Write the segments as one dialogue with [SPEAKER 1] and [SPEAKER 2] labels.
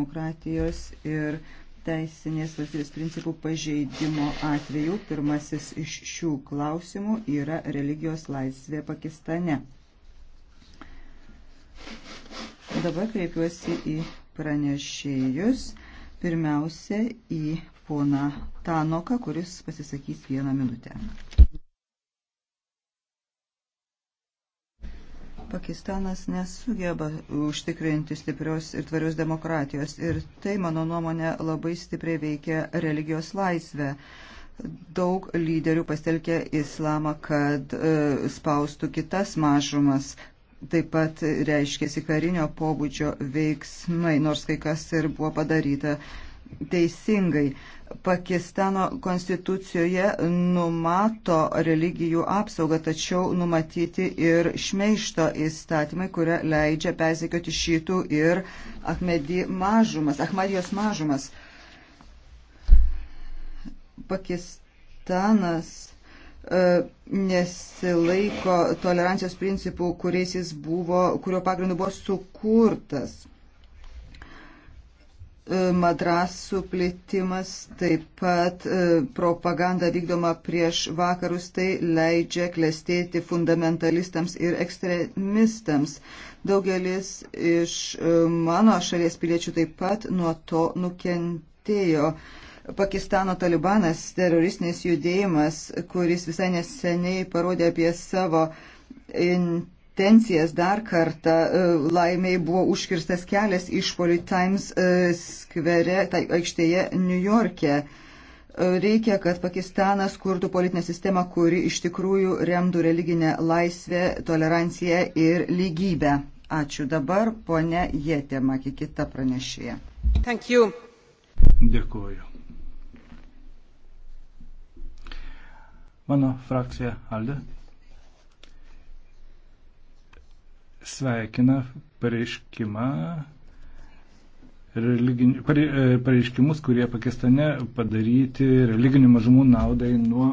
[SPEAKER 1] demokratijos ir teisinės valstybės principų pažeidimo atveju. Pirmasis iš šių klausimų yra religijos laisvė Pakistane. Dabar kreipiuosi į pranešėjus. Pirmiausia, į poną Tanoką, kuris pasisakys vieną minutę. Pakistanas nesugeba užtikrinti stiprios ir tvarios demokratijos ir tai, mano nuomonė, labai stipriai veikia religijos laisvę. Daug lyderių pastelkė islamą, kad e, spaustų kitas mažumas, taip pat reiškėsi karinio pobūdžio veiksmai, nors kai kas ir buvo padaryta teisingai. Pakistano konstitucijoje numato religijų apsaugą, tačiau numatyti ir šmeišto įstatymai, kurie leidžia persekioti šitų ir Ahmedi mažumas, Ahmadijos mažumas. Pakistanas e, nesilaiko tolerancijos principų, kuriais jis buvo, kurio pagrindu buvo sukurtas. E, madrasų plėtimas, taip pat e, propaganda vykdoma prieš vakarus, tai leidžia klestėti fundamentalistams ir ekstremistams. Daugelis iš e, mano šalies piliečių taip pat nuo to nukentėjo. Pakistano talibanas, teroristinis judėjimas, kuris visai neseniai parodė apie savo kompetencijas dar kartą e, laimiai buvo užkirstas kelias išpoliui Times e, skvere, tai aikštėje New York'e. E, reikia, kad Pakistanas kurtų politinę sistemą, kuri iš tikrųjų remdų religinę laisvę, toleranciją ir lygybę. Ačiū dabar, ponė Jėtė, maki kita pranešėja.
[SPEAKER 2] Dėkuoju. Mano frakcija Alde sveikina pareiškimą, religin, pare, e, pareiškimus, kurie Pakistane padaryti religinių mažumų naudai nuo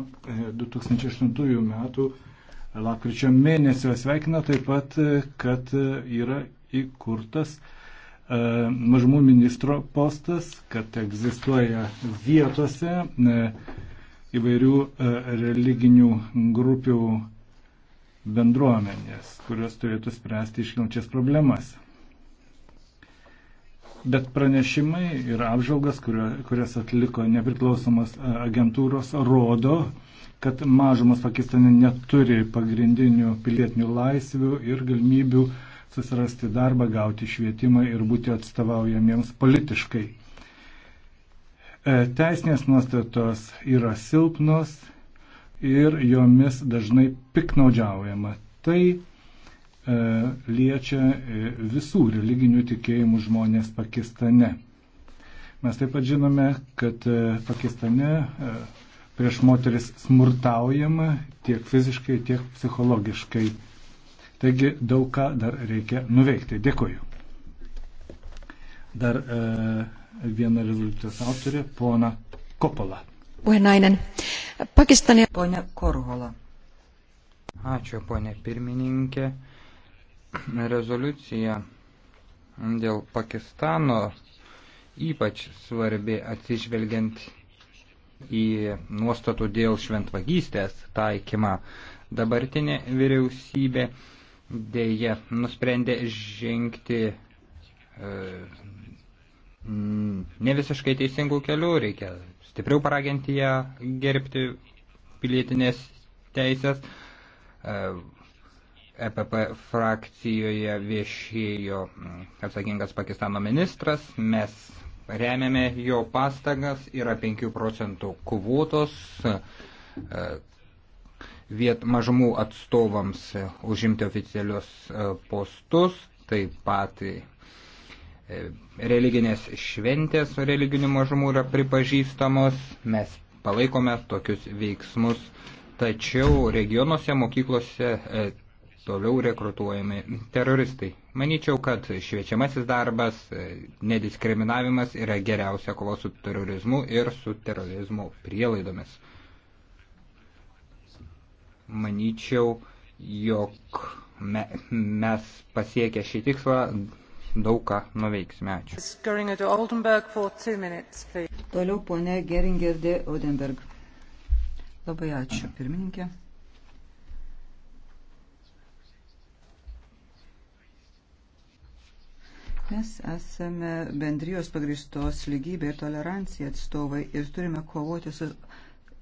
[SPEAKER 2] 2008 e, metų lapkričio mėnesio. Sveikina taip pat, e, kad yra įkurtas mažumų ministro postas, kad egzistuoja vietose įvairių religinių grupių bendruomenės, kurios turėtų spręsti iškilančias problemas. Bet pranešimai ir apžvalgas, kurias atliko nepriklausomas e, agentūros, rodo, kad mažumas Pakistane neturi pagrindinių pilietinių laisvių ir galimybių susirasti darbą, gauti švietimą ir būti atstovaujamiems politiškai. E, teisinės nuostatos yra silpnos, ir jomis dažnai piknaudžiaujama. Tai e, liečia e, visų religinių tikėjimų žmonės Pakistane. Mes taip pat žinome, kad e, Pakistane e, prieš moteris smurtaujama tiek fiziškai, tiek psichologiškai. Taigi daug ką dar reikia nuveikti. Dėkuoju. Dar e, viena rezoliucijos autorė, pona Kopola.
[SPEAKER 1] Puhenainen. Pakistane. Pone Korhola.
[SPEAKER 2] Ačiū, ponė pirmininkė.
[SPEAKER 3] Rezoliucija dėl Pakistano ypač svarbi atsižvelgiant į nuostatų dėl šventvagystės taikymą. Dabartinė vyriausybė dėje nusprendė žengti e, ne visiškai teisingų kelių, reikia stipriau paraginti ją gerbti pilietinės teisės. EPP e frakcijoje viešėjo mm, atsakingas Pakistano ministras. Mes remiame jo pastagas, yra 5 procentų kvotos e, viet mažumų atstovams e, užimti oficialius postus, taip pat religinės šventės religinių mažumų yra pripažįstamos, mes palaikome tokius veiksmus, tačiau regionuose mokyklose e, toliau rekrutuojami teroristai. Manyčiau, kad šviečiamasis darbas, e, nediskriminavimas yra geriausia kova su terorizmu ir su terorizmo prielaidomis. Manyčiau, jog me, mes pasiekę šį tikslą daug ką nuveiksime. Ačiū.
[SPEAKER 1] Minutes, Toliau ponė Geringerdė Odenberg. Labai ačiū, pirmininkė. Mes esame bendrijos pagristos lygybė ir tolerancija atstovai ir turime kovoti su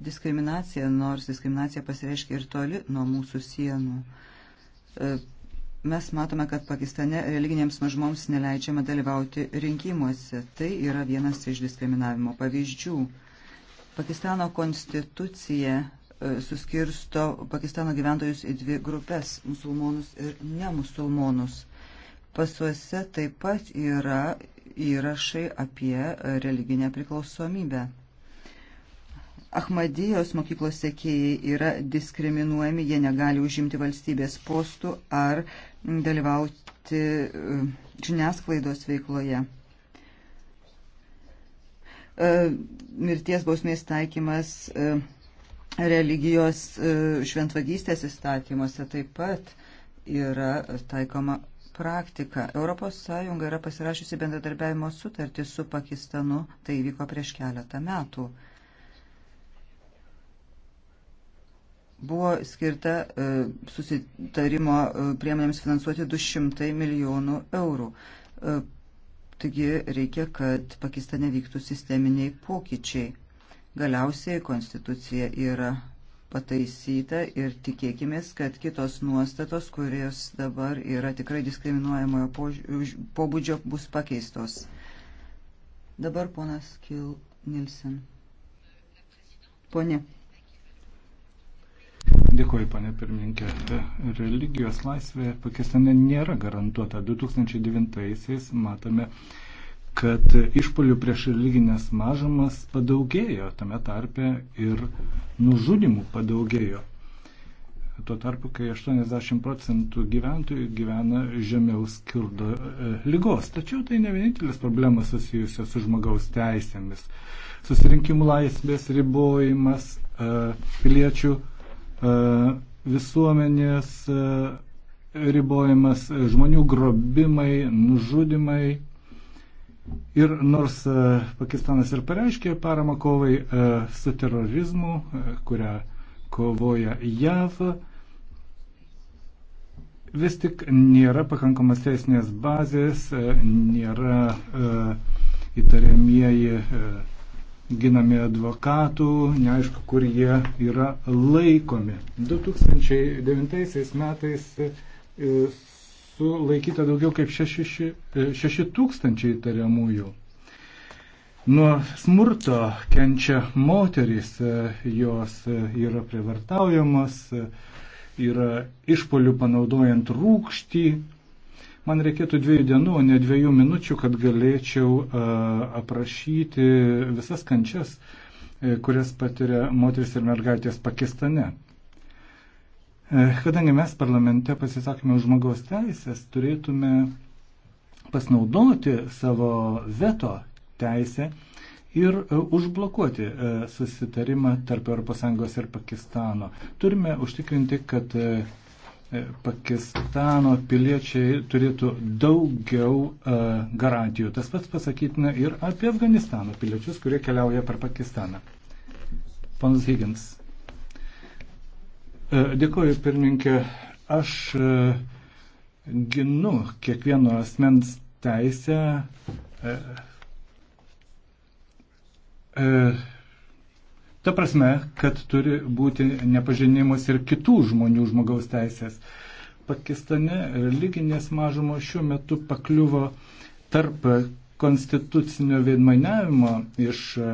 [SPEAKER 1] diskriminacija, nors diskriminacija pasireiškia ir toli nuo mūsų sienų e, Mes matome, kad Pakistane religinėms mažmoms neleidžiama dalyvauti rinkimuose. Tai yra vienas iš diskriminavimo pavyzdžių. Pakistano konstitucija e, suskirsto Pakistano gyventojus į dvi grupės - musulmonus ir nemusulmonus. Pasuose taip pat yra įrašai apie e, religinę priklausomybę. Ahmadijos mokyklos sekėjai yra diskriminuojami, jie negali užimti valstybės postų ar dalyvauti e, žiniasklaidos veikloje. E, mirties bausmės taikymas e, religijos šventvagystės įstatymuose taip pat yra taikoma praktika. ES yra pasirašiusi bendradarbiavimo sutartį su Pakistanu, tai vyko prieš keletą metų. buvo skirta e, susitarimo e, priemonėms finansuoti 200 milijonų eurų. E, taigi reikia, kad Pakistane vyktų sisteminiai pokyčiai. Galiausiai konstitucija yra pataisyta ir tikėkimės, kad kitos nuostatos, kurios dabar yra tikrai diskriminuojamojo pobūdžio, bus pakeistos. Dabar ponas Kil Nilsen. Pone.
[SPEAKER 2] Dėkuoju, panė pirmininkė. Religijos laisvė Pakistane nėra garantuota. 2009-aisiais matome, kad išpolių prieš religinės mažumas padaugėjo, tame tarpe ir nužudimų padaugėjo. Tuo tarpu, kai 80 procentų gyventojų gyvena žemiau skurdo e, lygos. Tačiau tai ne vienintelis problemas susijusios su žmogaus teisėmis. Susirinkimų laisvės ribojimas, e, piliečių E, visuomenės e, ribojimas, e, žmonių grobimai, nužudimai. Ir nors Pakistanas ir pareiškė paramą kovai su terorizmu, kurią kovoja JAV, vis tik nėra pakankamas teisinės bazės, nėra įtariamieji ginami advokatų, neaišku, kur jie yra laikomi. 2009 metais e, sulaikyta daugiau kaip 6 e, tūkstančiai tariamųjų. Nuo smurto kenčia moterys, e, jos yra privartaujamos, yra išpolių panaudojant rūkštį, Man reikėtų dviejų dienų, ne dviejų minučių, kad galėčiau aprašyti visas kančias, e, kurias patiria moteris ir mergaitės Pakistane. E, kadangi mes parlamente pasisakome už žmogaus teisės, turėtume pasinaudoti savo veto teisę ir e, užblokuoti susitarimą tarp ES ir Pakistano. Turime užtikrinti, kad E, Pakistano piliečiai turėtų daugiau e, garantijų. Tas pats pasakytina ir apie Afganistano piliečius, kurie keliauja per Pakistaną. Ponas Higgins. E, Dėkuoju, pirmininkė. Aš ginu kiekvieno asmens teisę Ta prasme, kad turi būti nepažinimas ir kitų žmonių žmogaus teisės. Pakistane religinės mažumos šiuo metu pakliuvo tarp konstitucinio vienmainiavimo iš e,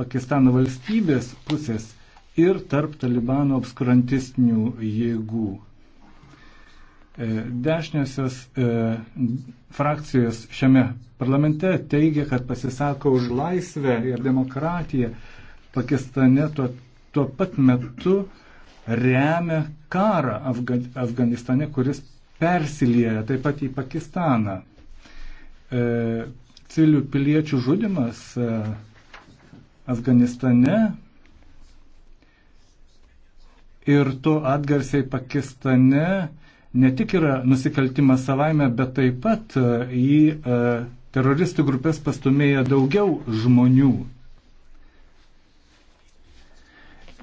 [SPEAKER 2] Pakistano valstybės pusės ir tarp talibano obskurantistinių jėgų. E, dešiniosios e, frakcijos šiame parlamente teigia, kad pasisako už laisvę ir demokratiją, Pakistane tuo, tuo pat metu remia karą Afga, Afganistane, kuris persilieja taip pat į Pakistaną. E, civilių piliečių žudimas e, Afganistane ir to atgarsiai Pakistane ne tik yra nusikaltimas savaime, bet taip pat e, į e, teroristų grupės pastumėja daugiau žmonių.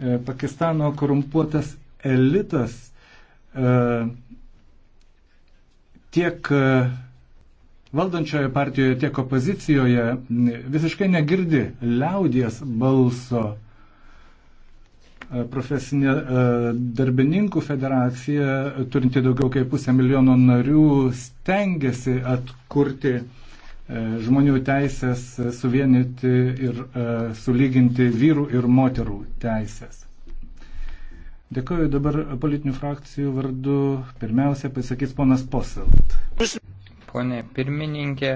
[SPEAKER 2] E, Pakistano korumpuotas elitas e, tiek e, valdančioje partijoje, tiek opozicijoje visiškai negirdi liaudies balso. Profesinė darbininkų federacija, turinti daugiau kaip pusę milijono narių, stengiasi atkurti uh, E, žmonių teisės suvienyti ir e, sulyginti vyrų ir moterų teisės. Dėkuoju dabar politinių frakcijų vardu. Pirmiausia, pasakys ponas Poselt.
[SPEAKER 3] Pone pirmininkė,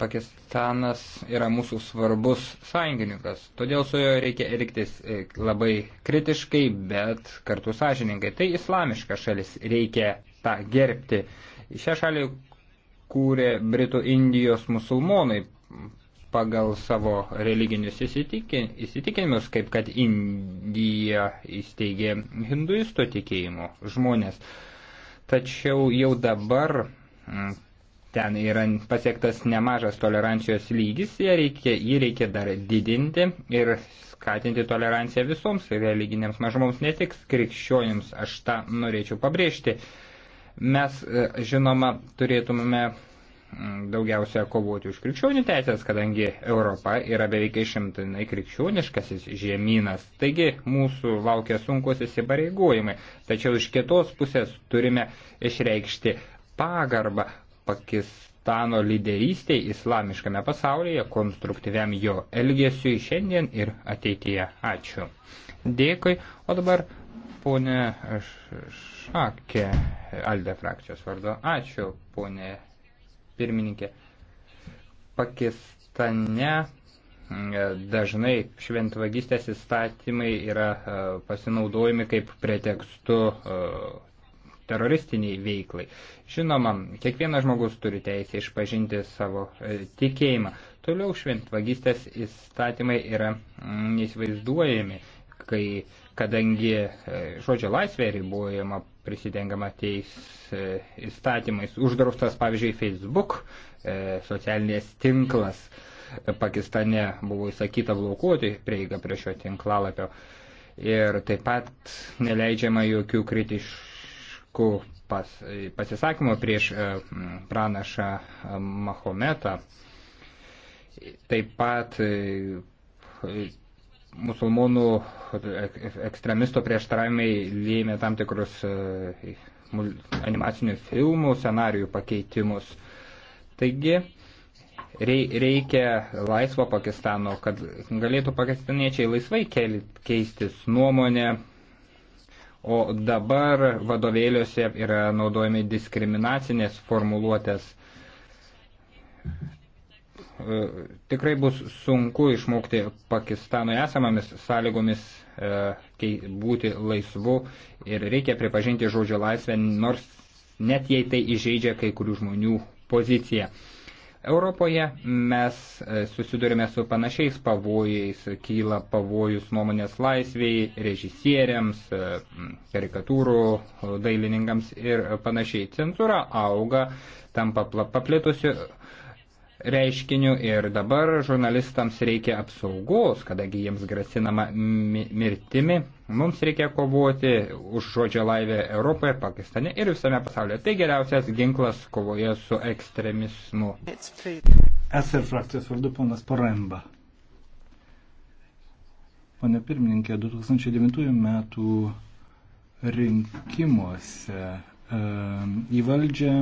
[SPEAKER 3] Pakistanas yra mūsų svarbus sąjungininkas, todėl su juo reikia elgtis e, labai kritiškai, bet kartu sąžininkai. Tai islamiška šalis, reikia tą gerbti. Šią šalį kūrė Britų Indijos musulmonai pagal savo religinius įsitikinimus, kaip kad Indija įsteigė hinduisto tikėjimo žmonės. Tačiau jau dabar mm, ten yra pasiektas nemažas tolerancijos lygis, jį reikia, jį reikia dar didinti ir skatinti toleranciją visoms religinėms mažumoms, ne tik krikščionims, aš tą norėčiau pabrėžti. Mes, e, žinoma, turėtumėme mm, daugiausia kovoti už krikščionių teisės, kadangi Europa yra beveik išimtinai krikščioniškasis žemynas. Taigi mūsų laukia sunkus įsipareigojimai. Tačiau iš kitos pusės turime išreikšti pagarbą Pakistano lyderystėj islamiškame pasaulyje, konstruktyviam jo elgesiui šiandien ir ateityje. Ačiū. Dėkui. O dabar Pone Šakė, Alde frakcijos vardu. Ačiū, ponė pirmininkė. Pakistane mm, dažnai šventvagystės įstatymai yra e, pasinaudojami kaip pretekstu e, teroristiniai veiklai. Žinoma, kiekvienas žmogus turi teisę išpažinti savo e, tikėjimą. Toliau šventvagystės įstatymai yra mm, neįsivaizduojami, kai uh, kadangi e, žodžio laisvė ribojama, prisidengama teis e, įstatymais, uždraustas, pavyzdžiui, Facebook e, socialinės tinklas. Pakistane buvo įsakyta blokuoti prieigą prie šio tinklalapio ir taip pat neleidžiama jokių kritiškų pas, pasisakymų prieš pranašą Mahometą. Taip pat musulmonų ekstremisto prieštaravimai lėmė tam tikrus e, animacinių filmų scenarijų pakeitimus. Taigi reikia laisvo Pakistano, kad galėtų pakistaniečiai laisvai keistis nuomonę, o dabar vadovėliuose yra naudojami diskriminacinės formuluotės. E, tikrai bus sunku išmokti Pakistanui esamomis sąlygomis e, būti laisvu ir reikia pripažinti žodžio laisvę, nors net jei tai įžeidžia kai kurių žmonių poziciją. Europoje mes e, susidurime su panašiais pavojais, kyla pavojus nuomonės laisviai, režisieriams, karikatūrų dailininkams ir panašiai. Cenzūra auga, tampa paplitusi reiškiniu ir dabar žurnalistams reikia apsaugos, kadangi jiems grasinama mi mirtimi. Mums reikia kovoti už žodžio laivę Europoje, Pakistane ir visame pasaulyje. Tai geriausias
[SPEAKER 2] ginklas kovoje su ekstremizmu. SR frakcijos vardu ponas Paremba. Pane pirmininkė, 2009 metų rinkimuose Ehm, į valdžią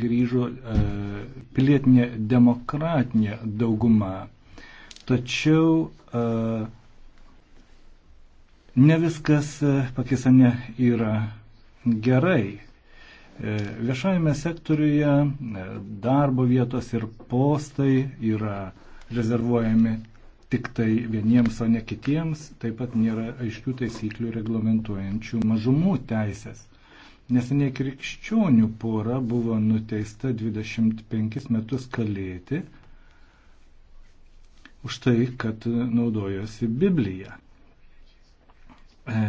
[SPEAKER 2] grįžo ehm, pilietinė demokratinė dauguma. Tačiau ehm, ne viskas eh, Pakistane yra gerai. Viešajame sektoriuje darbo vietos ir postai yra rezervuojami tik tai vieniems, o ne kitiems. Taip pat nėra aiškių taisyklių reglamentuojančių mažumų teisės. Neseniai krikščionių pora buvo nuteista 25 metus kalėti už tai, kad naudojosi Bibliją. E,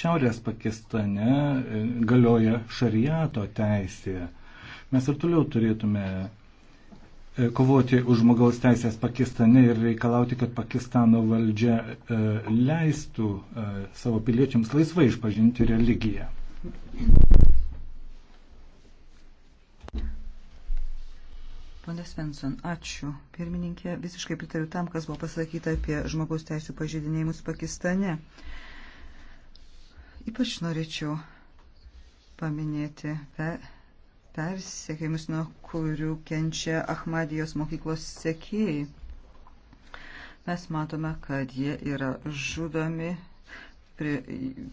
[SPEAKER 2] šiaurės Pakistane e, galioja šariato teisė. Mes ir toliau turėtume e, kovoti už žmogaus teisės Pakistane ir reikalauti, kad Pakistano valdžia leistų savo piliečiams laisvai išpažinti religiją.
[SPEAKER 1] Pane Svensson, ačiū. Pirmininkė, visiškai pritariu tam, kas buvo pasakyta apie žmogaus teisų pažydinėjimus Pakistane. Ypač norėčiau paminėti persiekėjimus, nuo kurių kenčia Ahmadijos mokyklos sekėjai. Mes matome, kad jie yra žudomi prie,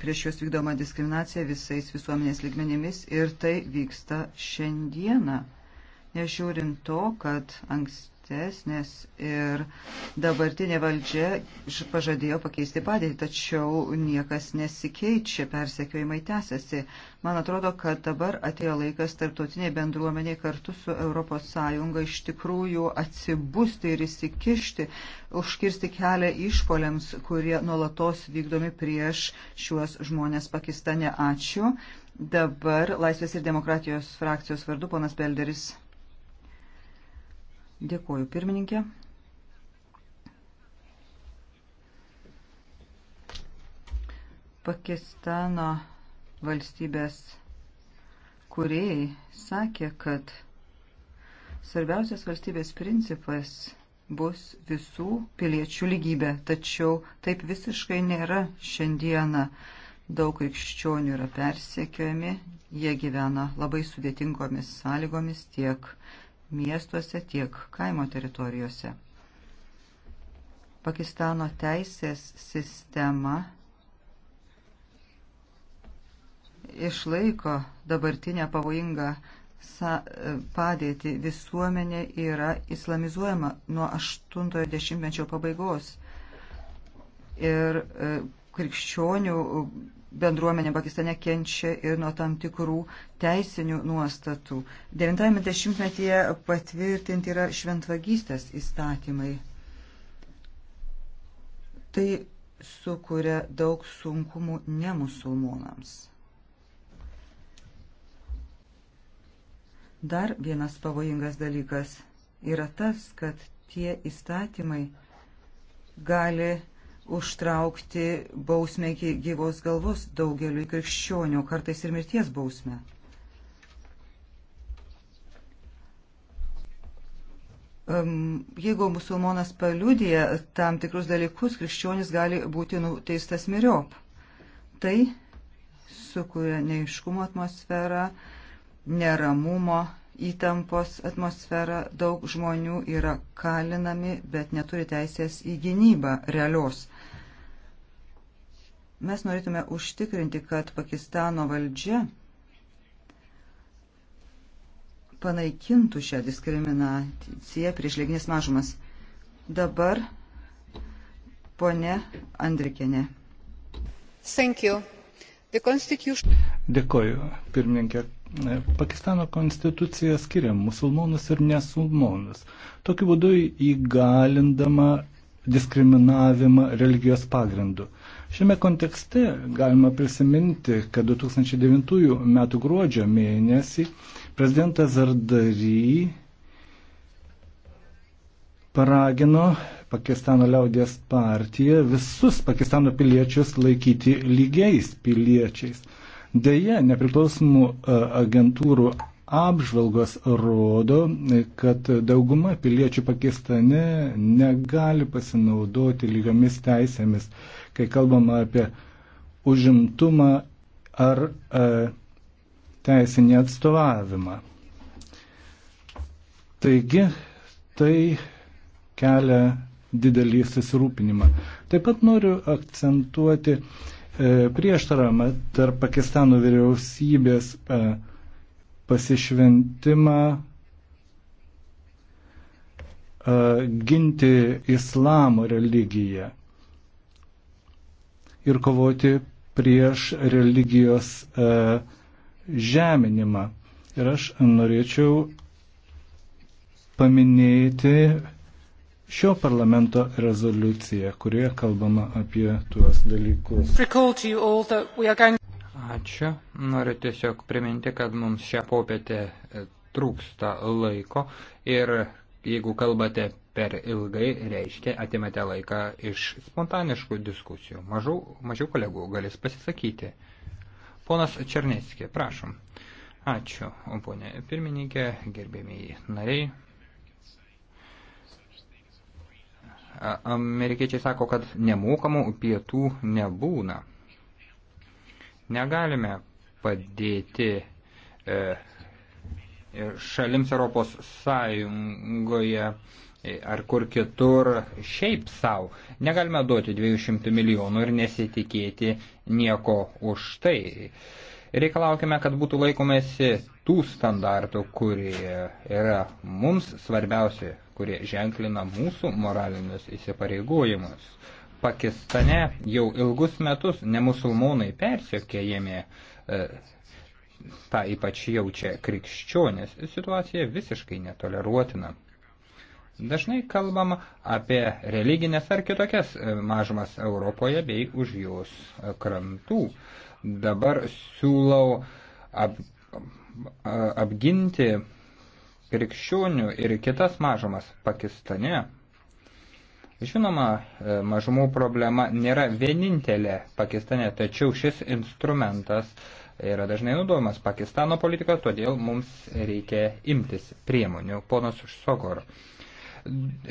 [SPEAKER 1] prieš juos vykdoma diskriminacija visais visuomenės ligmenimis ir tai vyksta šiandieną. Nežiūrint to, kad anksti platesnės ir dabartinė valdžia pažadėjo pakeisti padėtį, tačiau niekas nesikeičia, persekiojimai tęsiasi. Man atrodo, kad dabar atėjo laikas tarptautiniai bendruomeniai kartu su ES iš tikrųjų atsibusti ir įsikišti, užkirsti kelią išpoliams, kurie nuolatos vykdomi prieš šiuos žmonės Pakistane. Ačiū. Dabar Laisvės ir demokratijos frakcijos vardu ponas Belderis. Dėkuoju, pirmininkė. Pakistano valstybės kuriejai sakė, kad svarbiausias valstybės principas bus visų piliečių lygybė, tačiau taip visiškai nėra šiandieną. Daug krikščionių yra persekiojami, jie gyvena labai sudėtingomis sąlygomis tiek miestuose, tiek kaimo teritorijose. Pakistano teisės sistema išlaiko dabartinę pavojingą e, padėtį. Visuomenė yra islamizuojama nuo 80-mečio pabaigos. Ir e, krikščionių bendruomenė Pakistane kenčia ir nuo tam tikrų teisinių nuostatų. 90-metyje patvirtinti yra šventvagystės įstatymai. Tai sukuria daug sunkumų ne musulmonams. Dar vienas pavojingas dalykas yra tas, kad tie įstatymai gali užtraukti bausmę iki gyvos galvos daugeliu krikščionių, kartais ir mirties bausmę. Jeigu musulmonas paliūdėja tam tikrus dalykus, krikščionis gali būti nuteistas miriop. Tai sukuria neiškumo atmosferą, neramumo, įtampos atmosferą, daug žmonių yra kalinami, bet neturi teisės į gynybą realios. Mes norėtume užtikrinti, kad Pakistano valdžia panaikintų šią diskriminaciją prieš lyginės mažumas. Dabar ponė Andrikinė. Constitution...
[SPEAKER 2] Dėkoju, pirmininkė. Pakistano konstitucija skiria musulmonus ir nesulmonus. Tokiu būdu įgalindama diskriminavimą religijos pagrindu. Šiame kontekste galima prisiminti, kad 2009 m. gruodžio mėnesį prezidentas Zardary paragino Pakistano liaudės partiją visus Pakistano piliečius laikyti lygiais piliečiais. Deja, nepriklausomų e, agentūrų Apžvalgos rodo, kad dauguma piliečių Pakistane negali pasinaudoti lygiomis teisėmis, kai kalbama apie užimtumą ar e, teisinį atstovavimą. Taigi, tai kelia didelį susirūpinimą. Taip pat noriu akcentuoti e, prieštaramą tarp Pakistano vyriausybės e, pasišventimą ginti islamo religiją ir kovoti prieš religijos žeminimą. Ir aš norėčiau paminėti šio parlamento rezoliuciją, kurioje kalbama apie tuos dalykus.
[SPEAKER 3] Ačiū. Noriu tiesiog priminti, kad mums šią popietę e, trūksta laiko ir jeigu kalbate per ilgai, reiškia atimate laiką iš spontaniškų diskusijų. Mažų, mažiau kolegų galės pasisakyti. Ponas Černeckė, prašom. Ačiū, o ponė pirmininkė, gerbėmiai nariai. Amerikiečiai sako, kad nemokamų pietų nebūna. Negalime padėti e, šalims Europos Sąjungoje e, ar kur kitur šiaip savo. Negalime duoti 200 milijonų ir nesitikėti nieko už tai. Reikalaukime, kad būtų laikomasi tų standartų, kurie yra mums svarbiausi, kurie ženklina mūsų moralinius įsipareigojimus. Pakistane jau ilgus metus nemusulmonai persiekėjami, e, tą ypač jaučia krikščionis, situacija visiškai netoleruotina. Dažnai kalbam apie religinės ar kitokias e, mažumas Europoje bei už jos krantų. Dabar siūlau ap, apginti krikščionių ir kitas mažumas Pakistane. Žinoma, e, mažumų problema nėra vienintelė Pakistane, tačiau šis instrumentas yra dažnai naudojamas Pakistano politika, todėl mums reikia imtis priemonių. Ponas Sogor,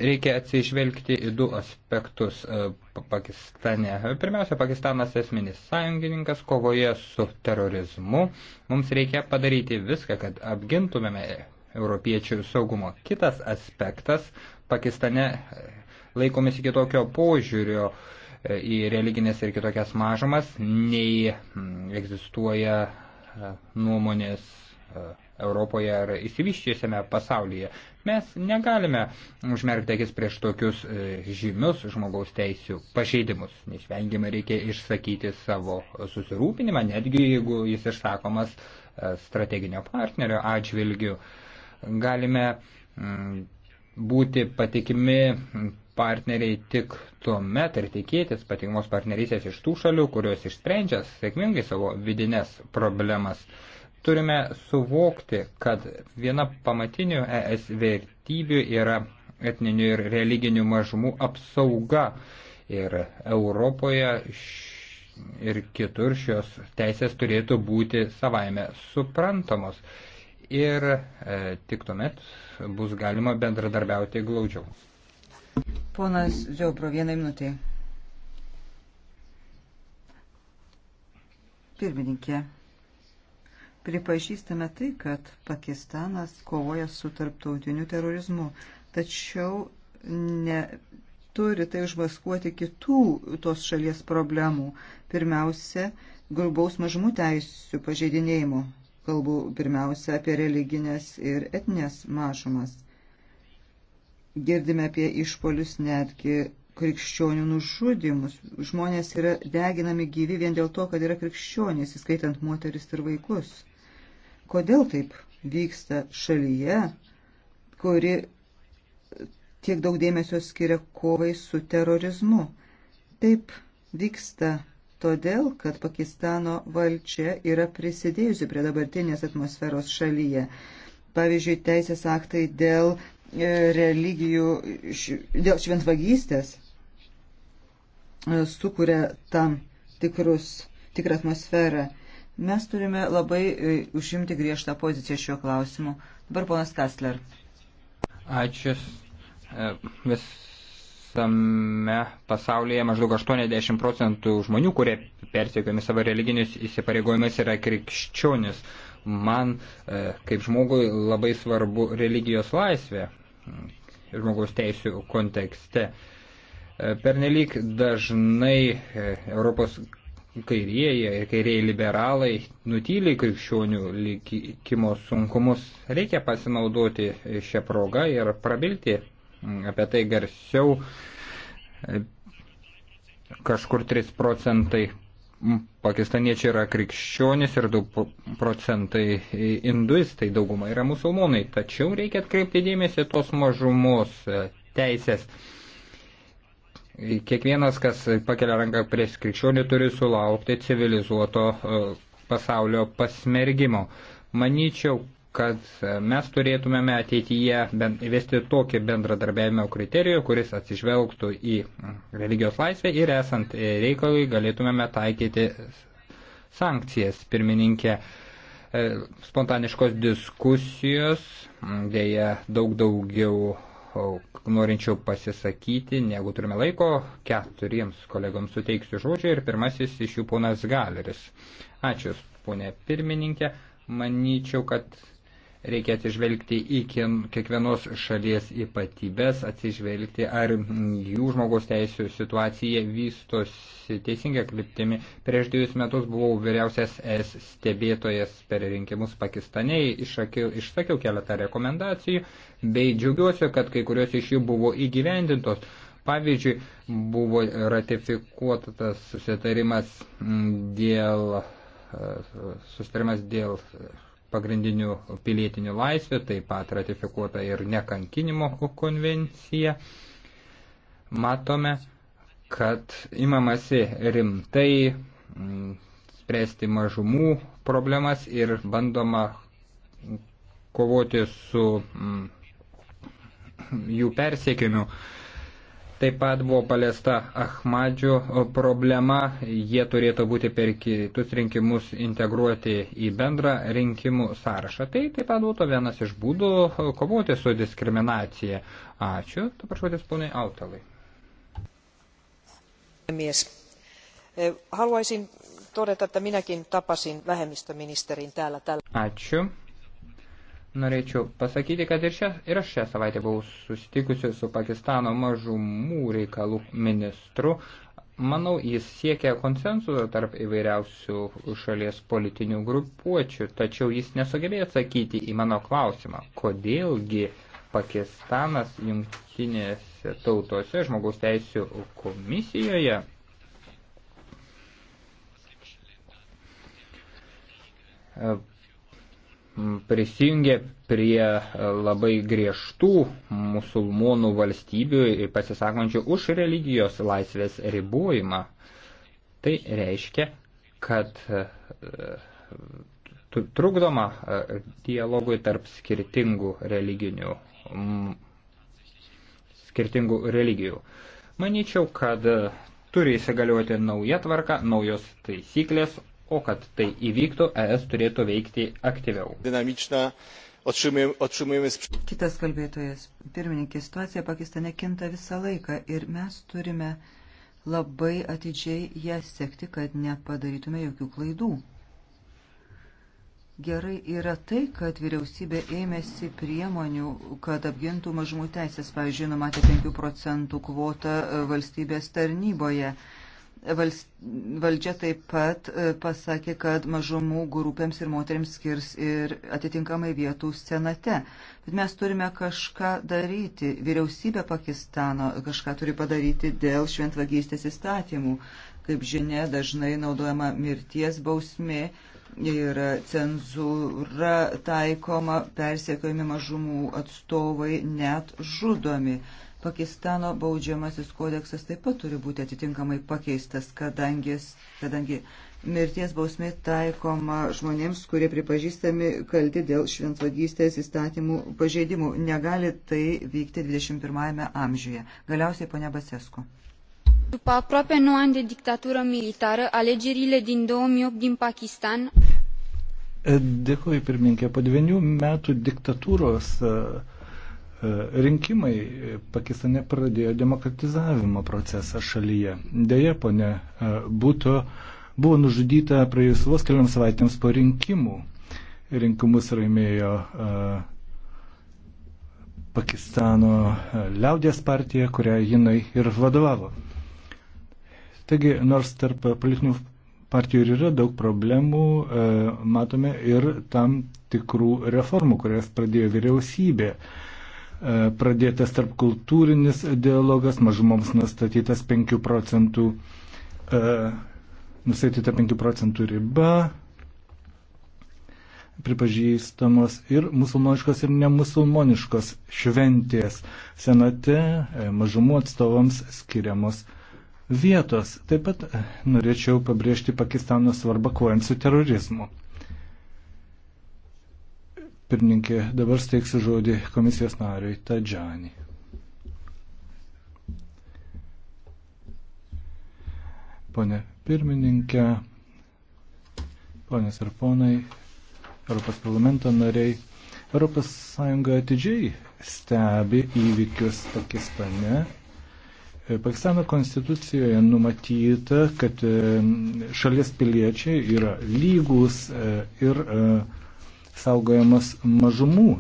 [SPEAKER 3] reikia atsižvelgti į du aspektus e, Pakistane. Pirmiausia, Pakistanas esminis sąjungininkas kovoje su terorizmu. Mums reikia padaryti viską, kad apgintumėme europiečių saugumo. Kitas aspektas Pakistane laikomės kitokio požiūrio e, į religinės ir kitokias mažumas, nei mm, egzistuoja e, nuomonės e, Europoje ar įsivyščiusiame pasaulyje. Mes negalime užmerkti akis prieš tokius žymius žmogaus teisių pažeidimus. Neišvengiamai reikia išsakyti savo susirūpinimą, netgi jeigu jis išsakomas strateginio partnerio atžvilgiu. Galime mm, būti patikimi partneriai tik tuo met ir tikėtis patikimos partnerysės iš tų šalių, kurios išsprendžia sėkmingai savo vidinės problemas. Turime suvokti, kad viena pamatinių ES vertybių yra etninių ir religinių mažumų apsauga. Ir Europoje ir kitur šios teisės turėtų būti savaime suprantamos. Ir e, tik tuomet bus galima bendradarbiauti glaudžiau.
[SPEAKER 1] Ponas Ziobro, vienai minutė. Pirmininkė, pripažįstame tai, kad Pakistanas kovoja su tarptautiniu terorizmu, tačiau ne, turi tai užmaskuoti kitų tos šalies problemų. Pirmiausia, grubaus mažumų teisų pažeidinėjimų. Kalbu pirmiausia apie religinės ir etinės mažumas girdime apie išpolius netgi krikščionių nužudimus. Žmonės yra deginami gyvi vien dėl to, kad yra krikščionys, įskaitant moteris ir vaikus. Kodėl taip vyksta šalyje, kuri tiek daug dėmesio skiria kovai su terorizmu? Taip vyksta todėl, kad Pakistano valdžia yra prisidėjusi prie dabartinės atmosferos šalyje. Pavyzdžiui, teisės aktai dėl E, religijų, dėl šventvagystės e, sukuria tam tikrus, tikrą atmosferą. Mes turime labai e, užimti griežtą poziciją šiuo klausimu. Dabar ponas Kastler.
[SPEAKER 3] Ačiū. Visame pasaulyje maždaug 80 procentų žmonių, kurie persiekiami savo religinius įsipareigojimus, yra krikščionis man kaip žmogui labai svarbu religijos laisvė žmogaus teisų kontekste. E, pernelyg dažnai e, Europos kairieji ir kairieji liberalai nutyliai krikščionių likimo sunkumus. Reikia pasinaudoti šią progą ir prabilti apie tai garsiau. E, kažkur 3 procentai pakistaniečiai yra krikščionys ir 2 procentai induistai, dauguma yra musulmonai. Tačiau reikia atkreipti dėmesį tos mažumos e, teisės. Kiekvienas, kas pakelia ranką prieš krikščionį, turi sulaukti civilizuoto e, pasaulio pasmergimo. Manyčiau, kad e, mes turėtumėme ateityje įvesti tokį bendradarbiavimo kriterijų, kuris atsižvelgtų į religijos laisvę ir esant e, reikalui galėtumėme taikyti sankcijas. Pirmininkė, e, spontaniškos diskusijos, dėja daug daugiau norinčiau pasisakyti, negu turime laiko, keturiems kolegoms suteiksiu žodžią ir pirmasis iš jų ponas Galeris. Ačiū, ponė pirmininkė. Manyčiau, kad reikia atsižvelgti į kiekvienos šalies ypatybės, atsižvelgti, ar jų žmogaus teisų situacija vystosi teisinga kryptimi. Prieš dviejus metus buvau vyriausias es stebėtojas per rinkimus Pakistane, išsakiau, išsakiau keletą rekomendacijų, bei džiaugiuosi, kad kai kurios iš jų buvo įgyvendintos. Pavyzdžiui, buvo ratifikuotas susitarimas dėl susitarimas dėl pagrindinių pilietinių laisvių, taip pat ratifikuota ir nekankinimo konvencija. Matome, kad imamasi rimtai mm, spręsti mažumų problemas ir bandoma kovoti su mm, jų persiekimu. Taip pat buvo paliesta Ahmadžių problema, jie turėtų būti per kitus rinkimus integruoti į bendrą rinkimų sąrašą. Tai taip pat būtų vienas iš būdų kovoti su diskriminacija. Ačiū, tu prašuotis ponai Autalai.
[SPEAKER 1] Mies. E, haluaisin todeta, että minäkin tapasin vähemmistöministerin täällä tällä.
[SPEAKER 3] Ačiū. Norėčiau pasakyti, kad ir, šią, ir aš šią savaitę buvau susitikusi su Pakistano mažumų reikalų ministru. Manau, jis siekia konsensuso tarp įvairiausių šalies politinių grupuočių, tačiau jis nesugebėjo atsakyti į mano klausimą, kodėlgi Pakistanas jungtinėse tautose žmogaus teisų komisijoje prisijungė prie e, labai griežtų musulmonų valstybių pasisakančių už religijos laisvės ribojimą. Tai reiškia, kad e, trukdoma e, dialogui tarp skirtingų religinių, skirtingų religijų. Manyčiau, kad turi įsigaliuoti nauja tvarka, naujos taisyklės, o kad tai įvyktų, ES turėtų veikti aktyviau. Dinamična.
[SPEAKER 1] Kitas kalbėtojas. Pirmininkė, situacija Pakistane kinta visą laiką ir mes turime labai atidžiai ją sekti, kad nepadarytume jokių klaidų. Gerai yra tai, kad vyriausybė ėmėsi priemonių, kad apgintų mažumų teisės, pavyzdžiui, numatė 5 procentų kvotą e, valstybės tarnyboje. Valdžia taip pat e, pasakė, kad mažumų grupėms ir moteriams skirs ir atitinkamai vietų senate. Bet mes turime kažką daryti. Vyriausybė Pakistano kažką turi padaryti dėl šventvagystės įstatymų. Kaip žinia, dažnai naudojama mirties bausmė ir cenzūra taikoma, persiekojami mažumų atstovai net žudomi. Pakistano baudžiamasis kodeksas taip pat turi būti atitinkamai pakeistas, kadangi, kadangi mirties bausmė taikoma žmonėms, kurie pripažįstami kalti dėl šventvagystės įstatymų pažeidimų. Negali tai vykti 21 amžiuje. Galiausiai, ponia Basesku. După aproape 9 ani de dictatură militară, alegerile din 2008 din Pakistan.
[SPEAKER 2] Dėkui, pirmininkė, po dviejų metų diktatūros uh, E, rinkimai e, Pakistane pradėjo demokratizavimo procesą šalyje. Deja, ponė, e, būtų, buvo nužudyta praėjus vos keliams savaitėms po rinkimų. Rinkimus laimėjo Pakistano liaudės partija, kurią jinai ir vadovavo. Taigi, nors tarp politinių partijų ir yra daug problemų, matome ir tam tikrų reformų, kurias pradėjo vyriausybė. E, pradėtas tarp kultūrinis dialogas, mažumoms nustatytas 5 procentų, e, nustatyta 5 procentų riba, pripažįstamos ir musulmoniškos, ir nemusulmoniškos šventės. Senate e, mažumų atstovams skiriamos vietos. Taip pat norėčiau pabrėžti Pakistano svarbą kovojant su terorizmu. Pirmininkė, dabar steiksiu žodį komisijos nariui Tadžiani. Pone pirmininkė, ponės ir ponai, Europos parlamento nariai, ES atidžiai stebi įvykius Pakistane. E, Pakistano konstitucijoje numatyta, kad e, šalies piliečiai yra lygus e, ir saugojamas mažumų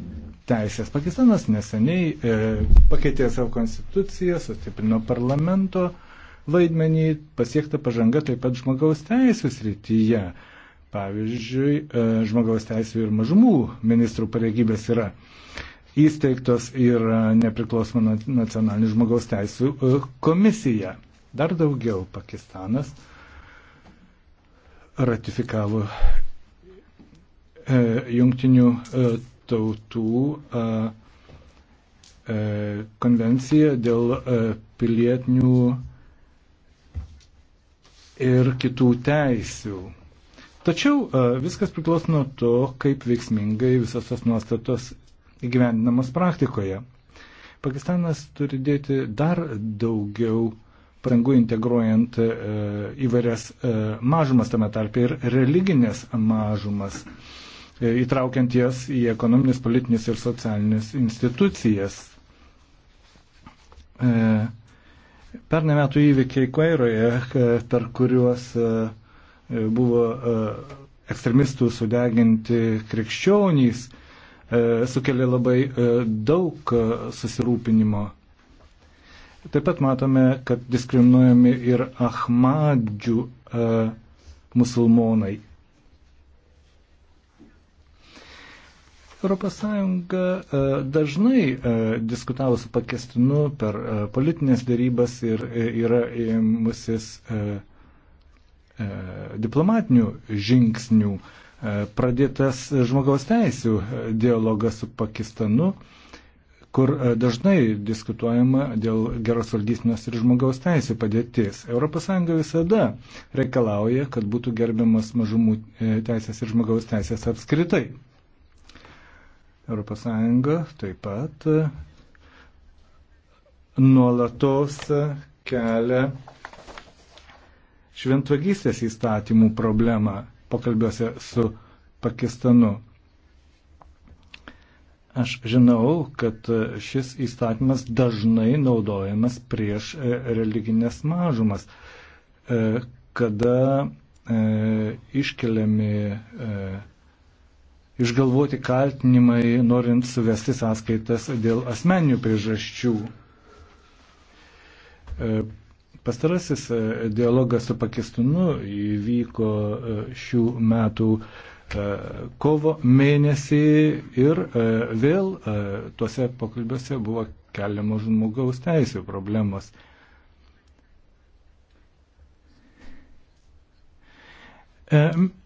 [SPEAKER 2] teisės. Pakistanas neseniai e, pakeitė savo konstituciją, sustiprino parlamento vaidmenį, pasiekta pažanga taip pat žmogaus teisų srityje. Pavyzdžiui, e, žmogaus teisų ir mažumų ministrų pareigybės yra įsteigtos ir nepriklausoma nacionalinė žmogaus teisų e, komisija. Dar daugiau Pakistanas ratifikavo E, jungtinių e, tautų e, konvencija dėl pilietinių ir kitų teisių. Tačiau viskas priklauso nuo to, kaip veiksmingai visas tas nuostatos įgyvendinamas praktikoje. Pakistanas turi dėti dar daugiau prangų integruojant e, įvairias e, mažumas tame tarpe ir religinės mažumas. E, įtraukiant jas į ekonominis, politinis ir socialinis institucijas. E, pernai metų įvykiai Kvairoje, e, per kuriuos buvo ekstremistų sudeginti krikščionys, sukelia labai daug susirūpinimo. Taip pat matome, kad diskriminuojami ir ahmadžių musulmonai. ES e, dažnai e, diskutavo su Pakistanu per e, politinės dėrybas ir yra įmusis diplomatinių žingsnių. Pradėtas žmogaus teisų dialogas su Pakistanu, kur dažnai diskutuojama dėl geros valdysinos ir žmogaus teisų padėtis. ES visada reikalauja, kad būtų gerbiamas mažumų teisės ir žmogaus teisės apskritai. ES taip pat e, nuolatos e, kelia šventvagystės įstatymų problemą pokalbiuose su Pakistanu. Aš žinau, kad e, šis įstatymas dažnai naudojamas prieš religinės mažumas, kada iškeliami išgalvoti kaltinimai, norint suvesti sąskaitas dėl asmeninių priežasčių. E, pastarasis e, dialogas su Pakistanu įvyko e, šių metų kovo mėnesį ir vėl tuose pokalbiuose buvo keliamos žmogaus teisų problemos.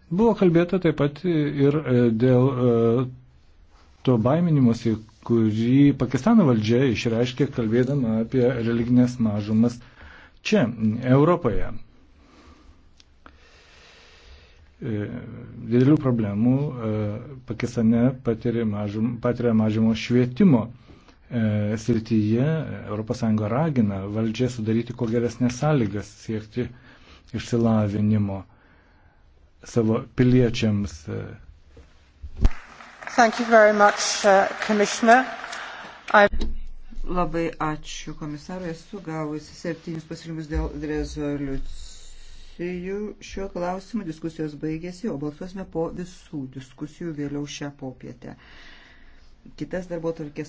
[SPEAKER 2] Buvo kalbėta taip pat ir e, dėl e, to baiminimuose, kurį Pakistano valdžia išreiškė kalbėdama apie religinės mažumas čia, Europoje. E, didelių problemų Pakistane patiria mažum, mažimo švietimo srityje. ES ragina valdžią sudaryti kuo geresnės sąlygas siekti išsilavinimo savo piliečiams.
[SPEAKER 1] Much, uh, Labai ačiū komisarui, esu gavusi septynis pasiūlymus dėl rezoliucijų. Šiuo klausimu diskusijos baigėsi, o balsuosime po visų diskusijų vėliau šią popietę. Kitas darbo tvarkės